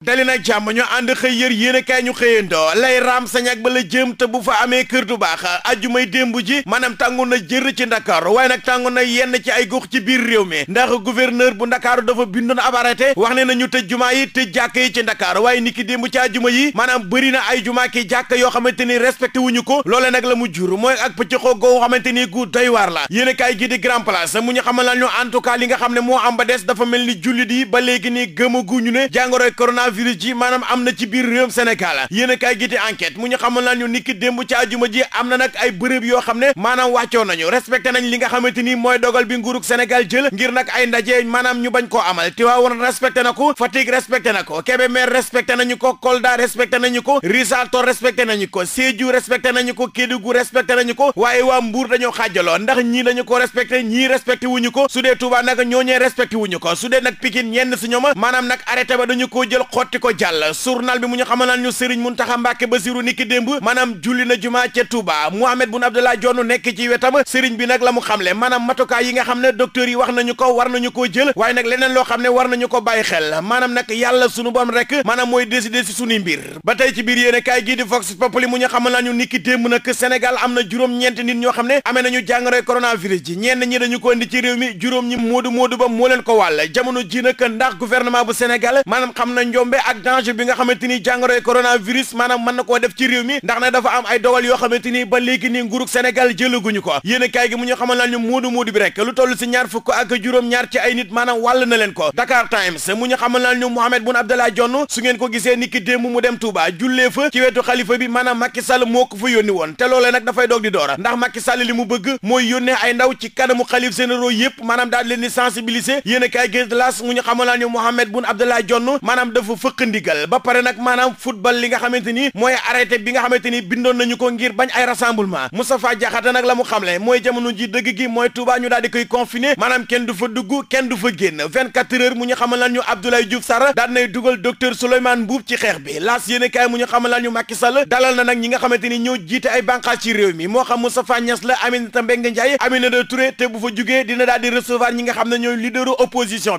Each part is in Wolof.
dali nag jàmm ñu ànd xëy yër yéen ñu ñu xëyandoo lay raam sañak ba la jëm te bu fa amee kër du baax aju may démb ji maanaam tàngoon na jër ci ndakaaru waaye nag tàngoon na yenn ci ay gox ci biir réew mi ndax gouverneur bu ndakaaru dafa bindoon ab arrêté wax ne nañu tëj jumaa yi tëj jàkk yi ci ndakaaru waaye niki démb ci ajuma yi maanaam bëri na ay jumaa ki jàkk yoo xamante ni respecté wuñu ko loole nag la mu jur mooy ak pëccëxoo goo xamante ni gu doy waar la yéen kaay gi di grand place en tout cas li nga xam ne moo am ba dafa mel ni jullit yi ba léegi ni gëmaguñu ne jàngoroy corona coronavirus ji maanaam am na ci biir réewum Sénégal yéen a kaay gi di enquête mu ñu xamal naa niki démb ci àjjuma ji am na nag ay bërëb yoo xam ne maanaam wàccoo nañu respecté nañ li nga xamante ni mooy dogal bi nguurug Sénégal jël ngir nag ay ndaje maanaam ñu bañ ko amal Tivaouane respecté na ko Fatick respecté na ko Kébémer respecté nañu ko Kolda respecté nañu ko Risaator respecté nañu ko Sédhiou respecté nañu ko Kédougou respecté nañu ko waaye waa Mbour dañoo xaajaloo ndax ñii dañu ko respecté ñii respecté ko su dee Touba nag ñooñee respecté wuñu ko su dee nag Pikine ñenn si ñooma maanaam nag arrêté ko xotti ko jàll journal bi mu ñu xamalaan ñu Serigne Mountakha Mbacké Bassirou niki démb maanaam julli na jumaa ca Touba Mohamed Boun Abdallah Dionne nekk ci wetam Serigne bi nag la mu xamle maanaam matukaay yi nga xam ne docteur yi wax nañu ko war nañu ko jël waaye nag leneen loo xam ne war nañu ko bàyyi xel maanaam nag yàlla sunu borom rek maanaam mooy décider si suñuy mbir ba tey ci biir yéene kaay gii di Vox Populi mu ñu xamalaan ñu nikki démb nag Sénégal am na juróom nit ñoo xam ne amee nañu jàngoroy coronavirus ji ñenn ñi dañu ko indi ci réew mi juróom ñi moodu moodu ba moo leen ko wàll jamono ji nag ndax gouvernement bu Sénégal maanaam xam na ñoom tombé ak danger bi nga xamante ni jàngoroy coronavirus maanaam mën na def ci réew ndax na dafa am ay dogal yoo xamante ba léegi nii nguurug Sénégal jëlaguñu ko yéen a kaay gi mu ñu xamal naan ñu muudu muudu bi rek lu toll si ñaar fukk ak juróom-ñaar ci ay nit maanaam wàll na leen ko Dakar Times mu ñu xamal naan ñu Mohamed Boun Abdallah Dionne su ngeen ko gisee niki démb mu dem Touba jullee ci wetu xalifa bi maanaam Macky Sall moo yónni woon te loolee nag fëkk ndigal ba pare nag maanaam football li nga xamante ni mooy arrêté bi nga xamante ni bindoon nañu ko ngir bañ ay rassemblement Moustapha Diakhaté nag la mu xamle mooy jamono ji dëgg gi mooy Touba ñu daal di koy confiné maanaam kenn du fa dugg kenn du fa génn 24 heures mu ñu xamal lan ñu Abdoulaye Diouf Sarr daan nay dugal docteur Souleymane Mbuub ci xeex bi laas yéene kaay mu ñu xamal ñu Macky dalal na nag ñi nga xamante ni ñoo jiite ay bànqaas ci réew mi moo xam Moustapha Niass la Aminata Mbengue Ndiaye Aminata Touré te bu fa dina daal di recevoir ñi nga xam ne ñooy leaderu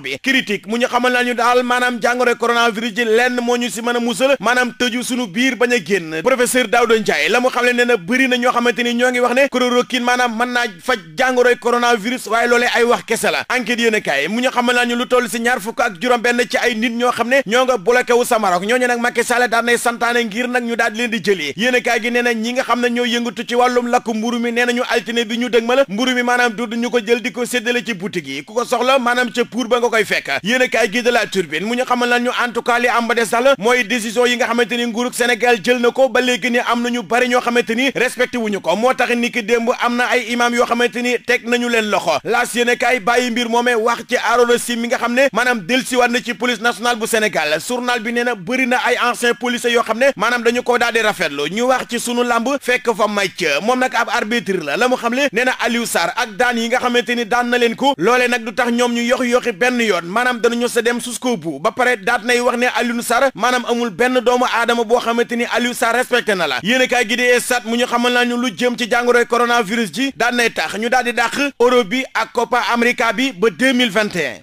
bi critique mu ñu xamal ñu daal maanaam jàngoro coronavirus dund ji lenn moo ñu si mën a musal maanaam tëju suñu biir bañ a génn professeur Daouda Ndiaye la mu xam le nee na bëri na ñoo xamante ñoo ngi wax ne chloroquine maanaam mën naa faj jàngoroy coronavirus waaye loolee ay wax kese la enquête yéen a kaay mu ñu xamal naa ñu lu toll si ñaar fukk ak ci ay nit ñoo xam ne ñoo nga bloqué wu sa Maroc ñooñu nag Macky Sall daan nay santaane ngir nag ñu daal leen di jëli yéen a gi nee ñi nga xam ne ñoo yëngatu ci wàllum li am ba des daal mooy décision yi nga xamante ni nguurug jël na ko ba léegi ni am na ñu bari ñoo xamante ni wuñu ko moo tax ni ki démb am na ay imaam yoo xamante ni teg nañu leen loxo laas yéene kaay bàyyi mbir moomee wax ci Arona Sy mi nga xam ne maanaam dellusiwaat na ci police nationale bu Sénégal journal bi nee na bëri na ay ancien policiers yoo xam ne maanaam dañu ko daal di rafetlu ñu wax ci sunu làmb fekk fa màcc moom nag ab arbitre la la xam ne nee na Aliou Sarr ak daan yi nga xamante ni daan na leen ko loolee nag du tax ñoom ñu yoxi yoxi benn yoon maanaam danañu sa dem jusqu'au bout ba Alioune Sarr maanaam amul benn doomu aadama boo xamante ni Alioune Sarr respecté na la yéen a kaay gi di Stades mu ñu xamal ñu lu jëm ci jàngoroy coronavirus ji daan nay tax ñu daal di dàq Europe bi ak Copa America bi ba 2021